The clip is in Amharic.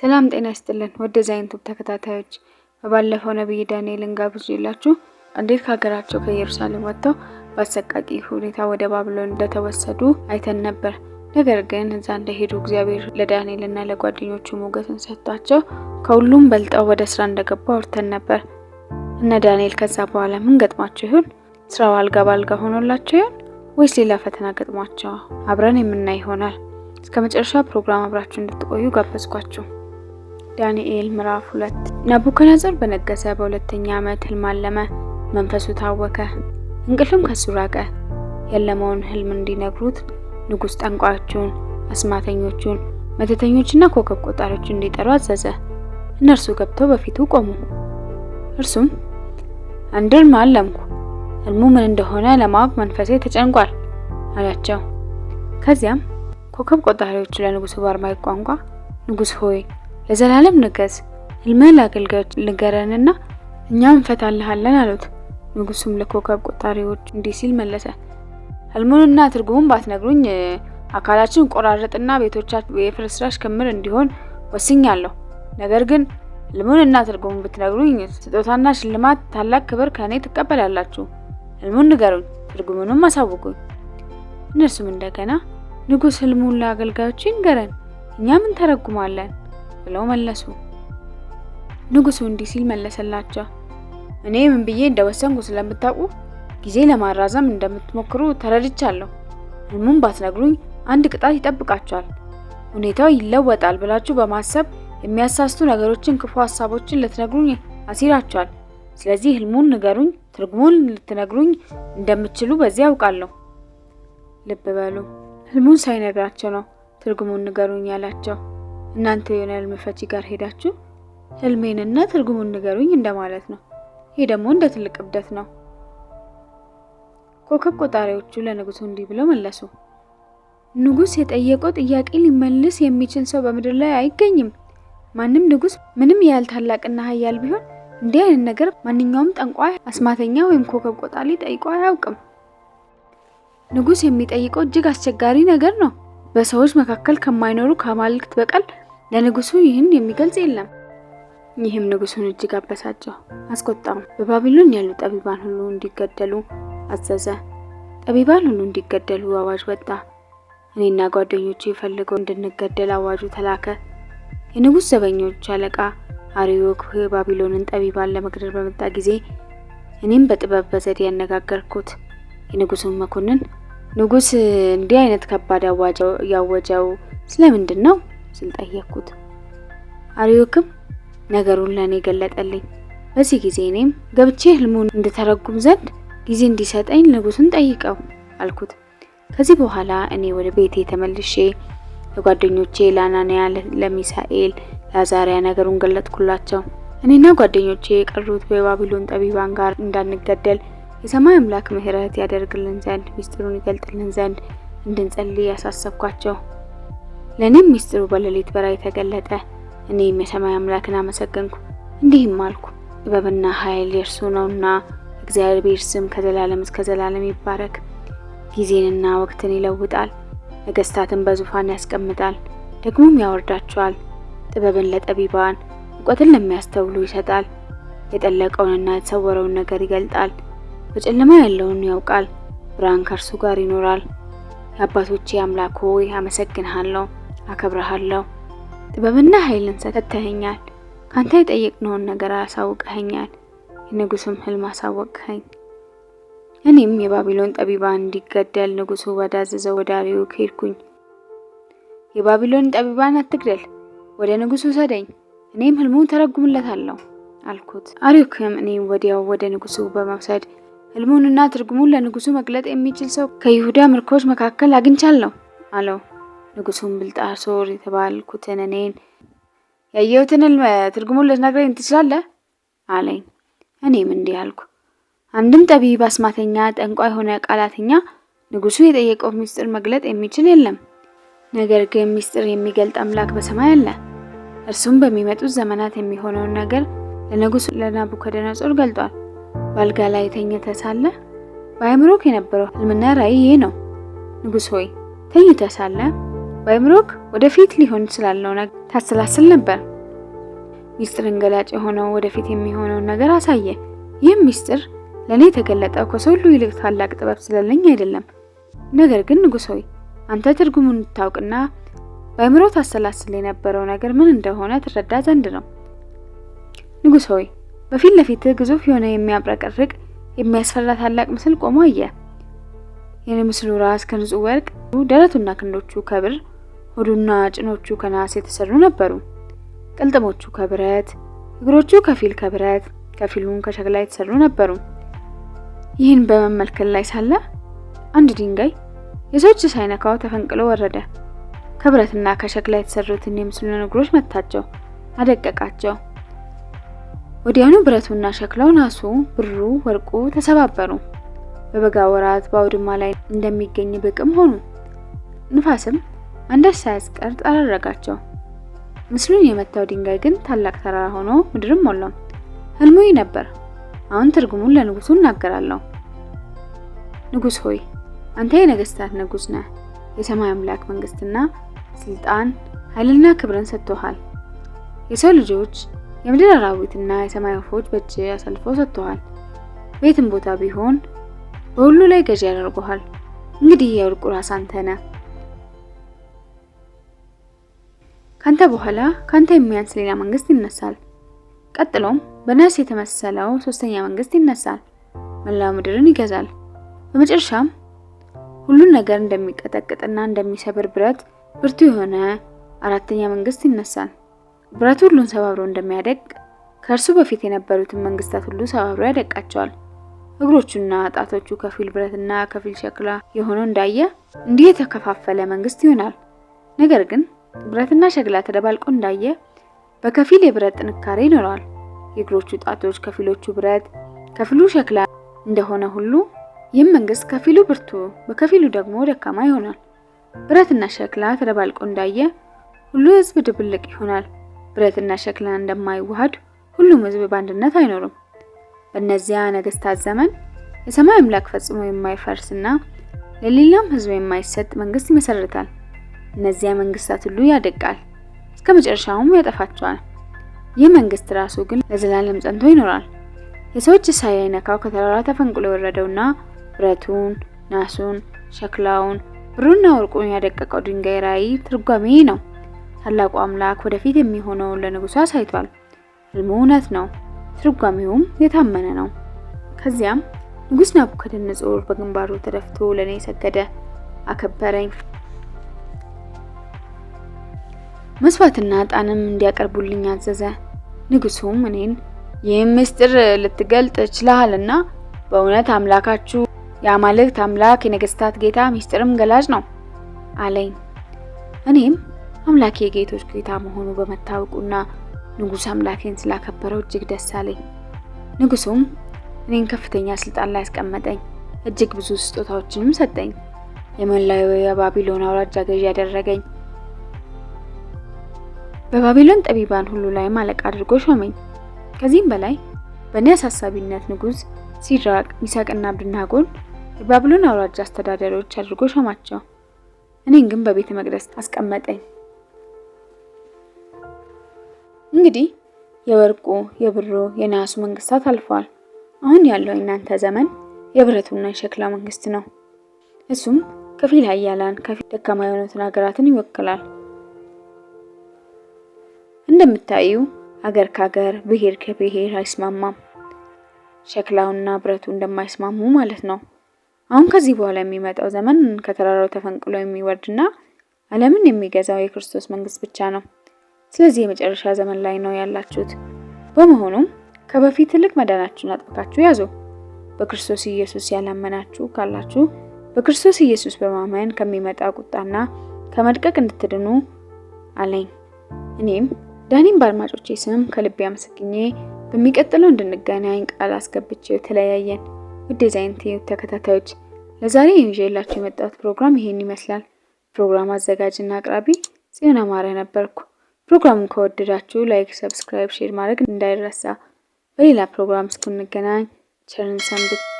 ሰላም ጤና ይስጥልን ወደ ዛይን ቱብ ተከታታዮች፣ በባለፈው ነብይ ዳንኤልን ጋብዤላችሁ እንዴት ከሀገራቸው ከኢየሩሳሌም ወጥተው በአሰቃቂ ሁኔታ ወደ ባቢሎን እንደተወሰዱ አይተን ነበር። ነገር ግን እዛ እንደሄዱ እግዚአብሔር ለዳንኤልና ለጓደኞቹ ሞገስን ሰጥቷቸው ከሁሉም በልጠው ወደ ስራ እንደገባ አውርተን ነበር። እነ ዳንኤል ከዛ በኋላ ምን ገጥሟቸው ይሆን? ስራው አልጋ ባልጋ ሆኖላቸው ይሆን ወይስ ሌላ ፈተና ገጥሟቸው? አብረን የምናይ ይሆናል። እስከ መጨረሻ ፕሮግራም አብራችሁ እንድትቆዩ ጋበዝኳችሁ። ዳንኤል ምዕራፍ ሁለት ናቡከደነጾር በነገሰ በሁለተኛ ዓመት ህልም አለመ። መንፈሱ ታወከ፣ እንቅልፍም ከሱ ራቀ። ያለመውን ህልም እንዲነግሩት ንጉሥ ጠንቋዮቹን፣ አስማተኞቹን፣ መተተኞችና ኮከብ ቆጣሪዎችን እንዲጠሩ አዘዘ። እነርሱ ገብተው በፊቱ ቆሙ። እርሱም አንድ ህልም አለምኩ፣ ህልሙ ምን እንደሆነ ለማወቅ መንፈሴ ተጨንቋል አላቸው። ከዚያም ኮከብ ቆጣሪዎቹ ለንጉሱ ባርማይ ቋንቋ ንጉስ ሆይ ለዘላለም ንገስ፣ ህልምህን ለአገልጋዮች ንገረንና እኛ እንፈታልሃለን አሉት። ንጉሱም ለኮከብ ቆጣሪዎች እንዲህ ሲል መለሰ፣ ህልሙንና ትርጉሙን ባትነግሩኝ አካላችን ቆራረጥና ቤቶቻችን የፍርስራሽ ክምር እንዲሆን ወስኛለሁ። ነገር ግን ህልሙንና ትርጉሙን ብትነግሩኝ ስጦታና ሽልማት፣ ታላቅ ክብር ከእኔ ትቀበላላችሁ። ህልሙን ንገሩኝ፣ ትርጉሙንም አሳውቁኝ። እነርሱም እንደገና ንጉስ ህልሙን ለአገልጋዮች ይንገረን፣ እኛም እንተረጉማለን ብለው መለሱ። ንጉሱ እንዲህ ሲል መለሰላቸው፣ እኔ ምን ብዬ እንደወሰንኩ ስለምታውቁ ጊዜ ለማራዘም እንደምትሞክሩ ተረድቻለሁ። ህልሙን ባትነግሩኝ አንድ ቅጣት ይጠብቃችኋል። ሁኔታው ይለወጣል ብላችሁ በማሰብ የሚያሳስቱ ነገሮችን፣ ክፉ ሀሳቦችን ልትነግሩኝ አሲራችኋል። ስለዚህ ህልሙን ንገሩኝ፣ ትርጉሙን ልትነግሩኝ እንደምትችሉ በዚህ ያውቃለሁ። ልብ በሉ፣ ህልሙን ሳይነግራቸው ነው ትርጉሙን ንገሩኝ ያላቸው። እናንተ የሆነ ህልም ፈቺ ጋር ሄዳችሁ ህልሜንና ትርጉሙን ንገሩኝ እንደማለት ነው። ይህ ደግሞ እንደ ትልቅ እብደት ነው። ኮከብ ቆጣሪዎቹ ለንጉሱ እንዲህ ብለው መለሱ። ንጉስ የጠየቀው ጥያቄ ሊመልስ የሚችል ሰው በምድር ላይ አይገኝም። ማንም ንጉስ ምንም ያህል ታላቅና ሀያል ቢሆን እንዲህ አይነት ነገር ማንኛውም ጠንቋይ፣ አስማተኛ ወይም ኮከብ ቆጣሪ ጠይቆ አያውቅም። ንጉስ የሚጠይቀው እጅግ አስቸጋሪ ነገር ነው። በሰዎች መካከል ከማይኖሩ ከማልክት በቀል ለንጉሱ ይህን የሚገልጽ የለም። ይህም ንጉሱን እጅግ አበሳጨው፣ አስቆጣው። በባቢሎን ያሉ ጠቢባን ሁሉ እንዲገደሉ አዘዘ። ጠቢባን ሁሉ እንዲገደሉ አዋጅ ወጣ። እኔና ጓደኞቹ የፈልገው እንድንገደል አዋጁ ተላከ። የንጉሥ ዘበኞች አለቃ አሪዮክ ባቢሎንን ጠቢባን ለመግደል በመጣ ጊዜ እኔም በጥበብ በዘዴ ያነጋገርኩት የንጉሱን መኮንን ንጉስ እንዲህ አይነት ከባድ አዋጅ ያወጀው ስለምንድን ነው? ስል ጠየቅኩት። ነገሩን ለእኔ ገለጠልኝ። በዚህ ጊዜ እኔም ገብቼ ህልሙን እንድተረጉም ዘንድ ጊዜ እንዲሰጠኝ ንጉሱን ጠይቀው አልኩት። ከዚህ በኋላ እኔ ወደ ቤቴ ተመልሼ ለጓደኞቼ ለአናንያ፣ ለሚሳኤል፣ ለአዛሪያ ነገሩን ገለጥኩላቸው። እኔና ጓደኞቼ የቀሩት በባቢሎን ጠቢባን ጋር እንዳንገደል የሰማይ አምላክ ምሕረት ያደርግልን ዘንድ ሚስጥሩን ይገልጥልን ዘንድ እንድንጸልይ ያሳሰብኳቸው ለእኔም ምስጥሩ በሌሊት በራእይ ተገለጠ። እኔም የሰማይ አምላክን አመሰገንኩ፣ እንዲህም አልኩ ጥበብና ኃይል የእርሱ ነውና እግዚአብሔር ስም ከዘላለም እስከ ዘላለም ይባረክ። ጊዜንና ወቅትን ይለውጣል፣ ነገስታትን በዙፋን ያስቀምጣል፣ ደግሞም ያወርዳቸዋል። ጥበብን ለጠቢባን እውቀትን ለሚያስተውሉ ይሰጣል። የጠለቀውንና የተሰወረውን ነገር ይገልጣል፣ በጨለማ ያለውን ያውቃል። ብርሃን ከእርሱ ጋር ይኖራል። የአባቶቼ አምላክ ሆይ አመሰግንሃለሁ። አከብረሃለሁ። ጥበብና ኃይልን ሰጥተኸኛል። ካንተ የጠየቅነውን ነገር አሳውቀኸኛል። የንጉሱም ህልም አሳወቅኸኝ። እኔም የባቢሎን ጠቢባ እንዲገደል ንጉሱ ወዳዘዘው ወደ አርዮክ ሄድኩኝ። የባቢሎን ጠቢባን አትግደል፣ ወደ ንጉሱ ሰደኝ፣ እኔም ህልሙን ተረጉምለታለሁ አልኩት። አርዮክም እኔም ወዲያው ወደ ንጉሱ በመውሰድ ህልሙንና ትርጉሙን ለንጉሱ መግለጥ የሚችል ሰው ከይሁዳ ምርኮች መካከል አግኝቻለሁ አለው። ንጉሱም ብልጣሶር የተባልኩትን እኔን ያየሁትን ህልም ትርጉሙን ልትነግረኝ ትችላለህ? አለኝ። እኔም እንዲህ አልኩ። አንድም ጠቢብ፣ አስማተኛ፣ ጠንቋይ የሆነ ቃላተኛ ንጉሱ የጠየቀው ምስጢር መግለጥ የሚችል የለም። ነገር ግን ምስጢር የሚገልጥ አምላክ በሰማይ አለ። እርሱም በሚመጡት ዘመናት የሚሆነውን ነገር ለንጉሱ ለናቡከደነጾር ገልጧል። ባልጋ ላይ ተኝተ ሳለ በአእምሮክ የነበረው ህልምና ራእይ ይህ ነው። ንጉስ ሆይ ተኝተ ሳለ በአእምሮክ ወደፊት ሊሆን ስላለው ነገር ታሰላስል ነበር። ሚስጥር እንገላጭ የሆነው ወደፊት የሚሆነውን ነገር አሳየ። ይህም ሚስጥር ለእኔ የተገለጠው ከሰው ሁሉ ይልቅ ታላቅ ጥበብ ስለለኝ አይደለም። ነገር ግን ንጉሥ ሆይ አንተ ትርጉሙን እንድታውቅና በአእምሮ ታሰላስል የነበረው ነገር ምን እንደሆነ ትረዳ ዘንድ ነው። ንጉሥ ሆይ በፊት ለፊት ግዙፍ የሆነ የሚያብረቀርቅ የሚያስፈራ ታላቅ ምስል ቆሞ አየ። የምስሉ ራስ ከንጹህ ወርቅ፣ ደረቱና ክንዶቹ ከብር ሆዱና ጭኖቹ ከነሐስ የተሰሩ ነበሩ። ቅልጥሞቹ ከብረት፣ እግሮቹ ከፊል ከብረት ከፊሉን ከሸክላ የተሰሩ ነበሩ። ይህን በመመልከት ላይ ሳለ አንድ ድንጋይ የሰዎች ሳይነካው ተፈንቅሎ ወረደ። ከብረትና ከሸክላ የተሰሩትን የምስሉን እግሮች መታቸው፣ አደቀቃቸው። ወዲያኑ ብረቱና ሸክላው፣ ናሱ፣ ብሩ፣ ወርቁ ተሰባበሩ። በበጋ ወራት በአውድማ ላይ እንደሚገኝ ብቅም ሆኑ። ንፋስም አንዳች ሳያስቀር ጠራረጋቸው። ምስሉን የመታው ድንጋይ ግን ታላቅ ተራራ ሆኖ ምድርም ሞላው። ህልሙ ይህ ነበር። አሁን ትርጉሙን ለንጉሱ እናገራለሁ። ንጉስ ሆይ አንተ የነገስታት ንጉስ ነህ። የሰማይ አምላክ መንግስትና ስልጣን ኃይልና ክብርን ሰጥቶሃል። የሰው ልጆች፣ የምድር አራዊትና የሰማይ ወፎች በእጅ አሳልፈው ሰጥቶሃል። ቤትም ቦታ ቢሆን በሁሉ ላይ ገዢ ያደርገሃል። እንግዲህ የወርቁ ራስ አንተ ነህ። ካንተ በኋላ ካንተ የሚያንስ ሌላ መንግስት ይነሳል። ቀጥሎም በነስ የተመሰለው ሶስተኛ መንግስት ይነሳል፣ መላው ምድርን ይገዛል። በመጨረሻም ሁሉን ነገር እንደሚቀጠቅጥና እንደሚሰብር ብረት ብርቱ የሆነ አራተኛ መንግስት ይነሳል። ብረቱ ሁሉን ሰባብሮ እንደሚያደቅ ከእርሱ በፊት የነበሩትን መንግስታት ሁሉ ሰባብሮ ያደቃቸዋል። እግሮቹና ጣቶቹ ከፊል ብረትና ከፊል ሸክላ የሆነው እንዳየ እንዲህ የተከፋፈለ መንግስት ይሆናል። ነገር ግን ብረትና ሸክላ ተደባልቆ እንዳየ በከፊል የብረት ጥንካሬ ይኖረዋል። የእግሮቹ ጣቶች ከፊሎቹ ብረት፣ ከፊሉ ሸክላ እንደሆነ ሁሉ ይህም መንግስት ከፊሉ ብርቱ በከፊሉ ደግሞ ደካማ ይሆናል። ብረትና ሸክላ ተደባልቆ እንዳየ ሁሉ ህዝብ ድብልቅ ይሆናል። ብረትና ሸክላ እንደማይዋሃድ ሁሉም ህዝብ በአንድነት አይኖርም። በእነዚያ ነገስታት ዘመን የሰማይ አምላክ ፈጽሞ የማይፈርስና ለሌላም ህዝብ የማይሰጥ መንግስት ይመሰርታል። እነዚያ መንግስታት ሁሉ ያደቃል፣ እስከ መጨረሻውም ያጠፋቸዋል። ይህ መንግስት ራሱ ግን ለዘላለም ጸንቶ ይኖራል። የሰዎች አይነካው ከተራራ ተፈንቅሎ የወረደውና ብረቱን፣ ናሱን፣ ሸክላውን፣ ብሩና ወርቁን ያደቀቀው ድንጋይ ራዕይ ትርጓሜ ነው። ታላቁ አምላክ ወደፊት የሚሆነውን ለንጉሱ አሳይቷል። ህልሙ እውነት ነው፣ ትርጓሜውም የታመነ ነው። ከዚያም ንጉስ ናቡከደነጾር በግንባሩ ተደፍቶ ለእኔ ሰገደ፣ አከበረኝ መስዋዕትና ዕጣንም እንዲያቀርቡልኝ አዘዘ። ንጉሱም እኔን ይህም ምስጢር ልትገልጥ ችለሃልና በእውነት አምላካችሁ የአማልክት አምላክ የነገስታት ጌታ ምስጢርም ገላጭ ነው አለኝ። እኔም አምላኬ የጌቶች ጌታ መሆኑ በመታወቁና ንጉስ አምላኬን ስላከበረው እጅግ ደስ አለኝ። ንጉሱም እኔን ከፍተኛ ስልጣን ላይ ያስቀመጠኝ፣ እጅግ ብዙ ስጦታዎችንም ሰጠኝ። የመላው የባቢሎን አውራጃ ገዢ ያደረገኝ በባቢሎን ጠቢባን ሁሉ ላይም አለቃ አድርጎ ሾመኝ። ከዚህም በላይ በእኔ አሳሳቢነት ንጉሥ ሲድራቅ፣ ሚሳቅና አብድናጎን የባቢሎን አውራጃ አስተዳደሪዎች አድርጎ ሾማቸው። እኔን ግን በቤተ መቅደስ አስቀመጠኝ። እንግዲህ የወርቁ የብሩ የነሐሱ መንግስታት አልፈዋል። አሁን ያለው የእናንተ ዘመን የብረቱና የሸክላ መንግስት ነው። እሱም ከፊል ኃያላን ከፊል ደካማ የሆኑትን ሀገራትን ይወክላል። እንደምታዩ አገር ካገር ብሔር ከብሔር አይስማማም። ሸክላውና ብረቱ እንደማይስማሙ ማለት ነው። አሁን ከዚህ በኋላ የሚመጣው ዘመን ከተራራው ተፈንቅሎ የሚወርድና ዓለምን የሚገዛው የክርስቶስ መንግስት ብቻ ነው። ስለዚህ የመጨረሻ ዘመን ላይ ነው ያላችሁት። በመሆኑም ከበፊት ትልቅ መዳናችሁን አጥብቃችሁ ያዙ። በክርስቶስ ኢየሱስ ያላመናችሁ ካላችሁ በክርስቶስ ኢየሱስ በማመን ከሚመጣ ቁጣና ከመድቀቅ እንድትድኑ አለኝ እኔም ዳኒም በአድማጮቼ ስም ከልቤ አመስግኜ በሚቀጥለው እንድንገናኝ ቃል አስገብቼ ተለያየን። ውድ የዛይን ተከታታዮች ለዛሬ ይዤላችሁ የመጣሁት ፕሮግራም ይሄን ይመስላል። ፕሮግራም አዘጋጅና አቅራቢ ጽዮን አማረ ነበርኩ። ፕሮግራሙን ከወደዳችሁ ላይክ፣ ሰብስክራይብ፣ ሼር ማድረግ እንዳይረሳ። በሌላ ፕሮግራም እስኩንገናኝ ቸርን ሰንብት።